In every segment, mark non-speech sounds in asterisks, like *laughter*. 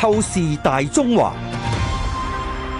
透視大中華。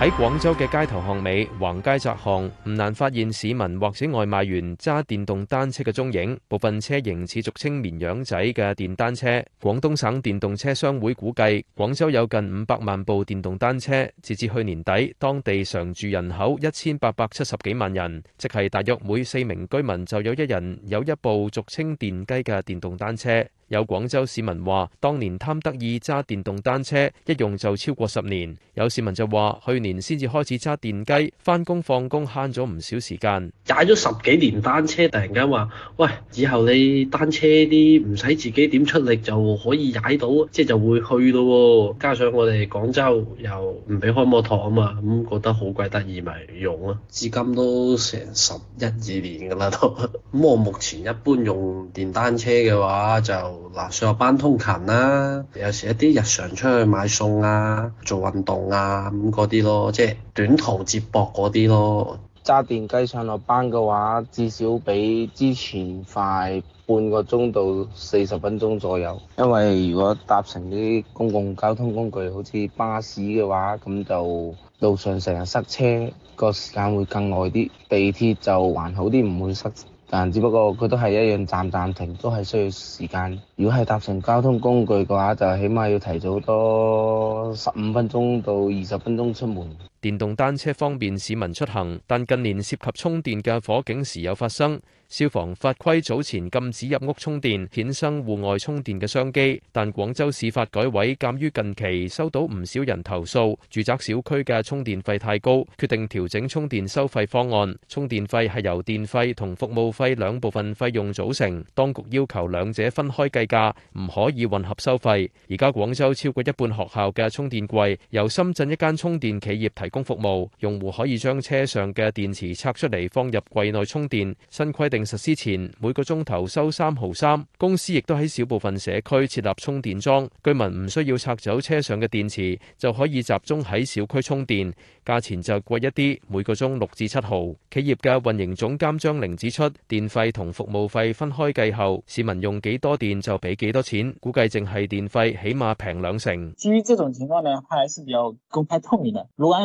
喺廣州嘅街頭巷尾、橫街窄巷，唔難發現市民或者外賣員揸電動單車嘅蹤影。部分車型似俗稱綿羊仔嘅電單車。廣東省電動車商會估計，廣州有近五百萬部電動單車。截至去年底，當地常住人口一千八百七十幾萬人，即係大約每四名居民就有一人有一部俗稱電雞嘅電動單車。有廣州市民話，當年貪得意揸電動單車，一用就超過十年。有市民就話，去年先至開始揸電雞，翻工放工慳咗唔少時間。踩咗十幾年單車，突然間話，喂，以後你單車啲唔使自己點出力就可以踩到，即係就會去咯。加上我哋廣州又唔俾開摩托啊嘛，咁覺得好鬼得意，咪用咯。至今都成十一二年㗎喇都。咁 *laughs* 我目前一般用電單車嘅話就。嗱，上下班通勤啦、啊，有時一啲日常出去買餸啊、做運動啊咁嗰啲咯，即係短途接駁嗰啲咯。揸電雞上落班嘅話，至少比之前快半個鐘到四十分鐘左右。因為如果搭乘啲公共交通工具，好似巴士嘅話，咁就路上成日塞車，個時間會更耐啲。地鐵就還好啲，唔會塞。但只不過佢都係一樣，站站停，都係需要時間。如果係搭乘交通工具嘅話，就起碼要提早多十五分鐘到二十分鐘出門。電動單車方便市民出行，但近年涉及充電嘅火警時有發生。消防法規早前禁止入屋充電，衍生戶外充電嘅商機。但廣州市發改委鑒於近期收到唔少人投訴，住宅小區嘅充電費太高，決定調整充電收費方案。充電費係由電費同服務費兩部分費用組成，當局要求兩者分開計價，唔可以混合收費。而家廣州超過一半學校嘅充電櫃由深圳一間充電企業提。提供服務，用戶可以將車上嘅電池拆出嚟放入櫃內充電。新規定實施前，每個鐘頭收三毫三。公司亦都喺小部分社區設立充電樁，居民唔需要拆走車上嘅電池，就可以集中喺小區充電，價錢就貴一啲，每個鐘六至七毫。企業嘅運營總監張玲指出，電費同服務費分開計後，市民用幾多電就俾幾多錢，估計淨係電費起碼平兩成。至於這種情況呢，它還是比較公開透明的。如果按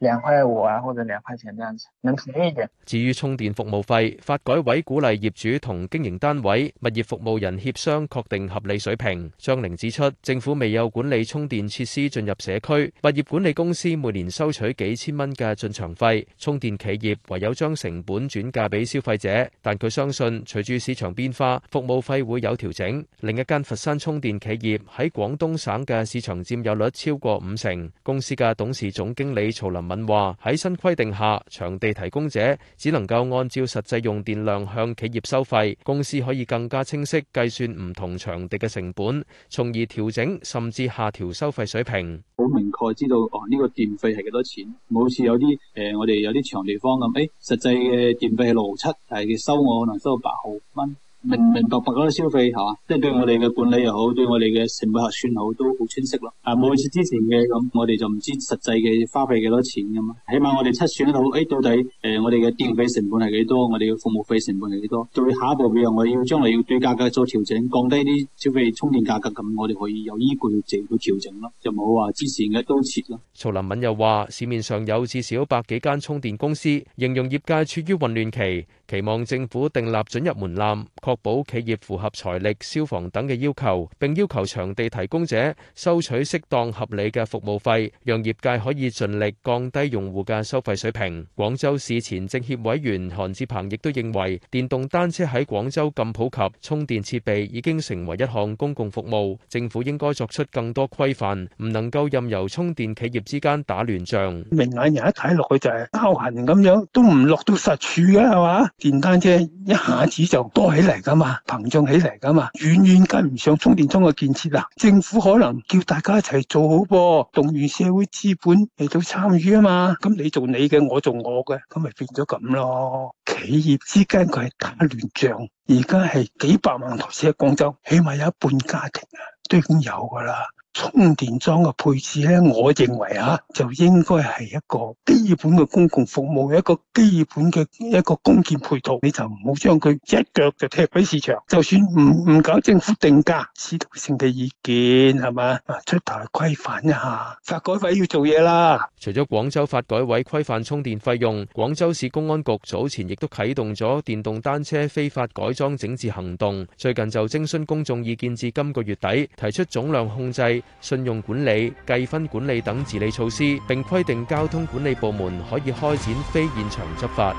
兩塊五啊，或者兩塊錢這樣子，能便宜一點。至於充電服務費，發改委鼓勵業主同經營單位、物業服務人協商確定合理水平。張玲指出，政府未有管理充電設施進入社區，物業管理公司每年收取幾千蚊嘅進場費，充電企業唯有將成本轉嫁俾消費者。但佢相信，隨住市場變化，服務費會有調整。另一間佛山充電企業喺廣東省嘅市場占有率超過五成，公司嘅董事總經理曹林敏話喺新規定下，場地提供者只能夠按照實際用電量向企業收費，公司可以更加清晰計算唔同場地嘅成本，從而調整甚至下調收費水平。好明確知道哦，呢、這個電費係幾多錢？好似有啲誒、呃，我哋有啲場地方咁，誒、哎，實際嘅電費係六毫七，但係佢收我可能收到八毫蚊。明明白白嗰個消費吓，即係對我哋嘅管理又好，對我哋嘅成本核算好都好清晰咯。啊，冇好似之前嘅咁，我哋就唔知實際嘅花費幾多錢咁啊。起碼我哋測算得到，誒、哎、到底誒我哋嘅電費成本係幾多，我哋嘅服務費成本係幾多。對下一步，譬如我要將來要對價格做調整，降低啲消費充電價格，咁我哋可以有依據去調整咯，就冇話之前嘅刀切咯。曹林敏又話，市面上有至少百幾間充電公司，形容業界處於混亂期，期望政府訂立准入門檻。確保企業符合財力、消防等嘅要求，並要求場地提供者收取適當合理嘅服務費，讓業界可以盡力降低用戶嘅收費水平。廣州市前政協委員韓志鵬亦都認為，電動單車喺廣州咁普及，充電設備已經成為一項公共服務，政府應該作出更多規範，唔能夠任由充電企業之間打亂仗。明眼人一睇落去就係膠痕咁樣，都唔落到實處嘅，係嘛？電單車一下子就多起嚟。噶嘛，膨脹起嚟噶嘛，遠遠跟唔上充電樁嘅建設啦。政府可能叫大家一齊做好噃，動員社會資本嚟到參與啊嘛，咁你做你嘅，我做我嘅，咁咪變咗咁咯。企業之間佢係打亂仗，而家係幾百萬台車喺廣州，起碼有一半家庭啊都已經有噶啦。充電樁嘅配置咧，我認為啊，就應該係一個基本嘅公共服務，一個基本嘅一個公建配套，你就唔好將佢一腳就踢俾市場。就算唔唔搞政府定價，指導性嘅意見係嘛？啊，出台規範一下，發改委要做嘢啦。除咗廣州發改委規範充電費用，廣州市公安局早前亦都啟動咗電動單車非法改裝整治行動，最近就徵詢公眾意見至今個月底，提出總量控制信用管理、計分管理等治理措施並規定交通管理部門可以開展非現場執法。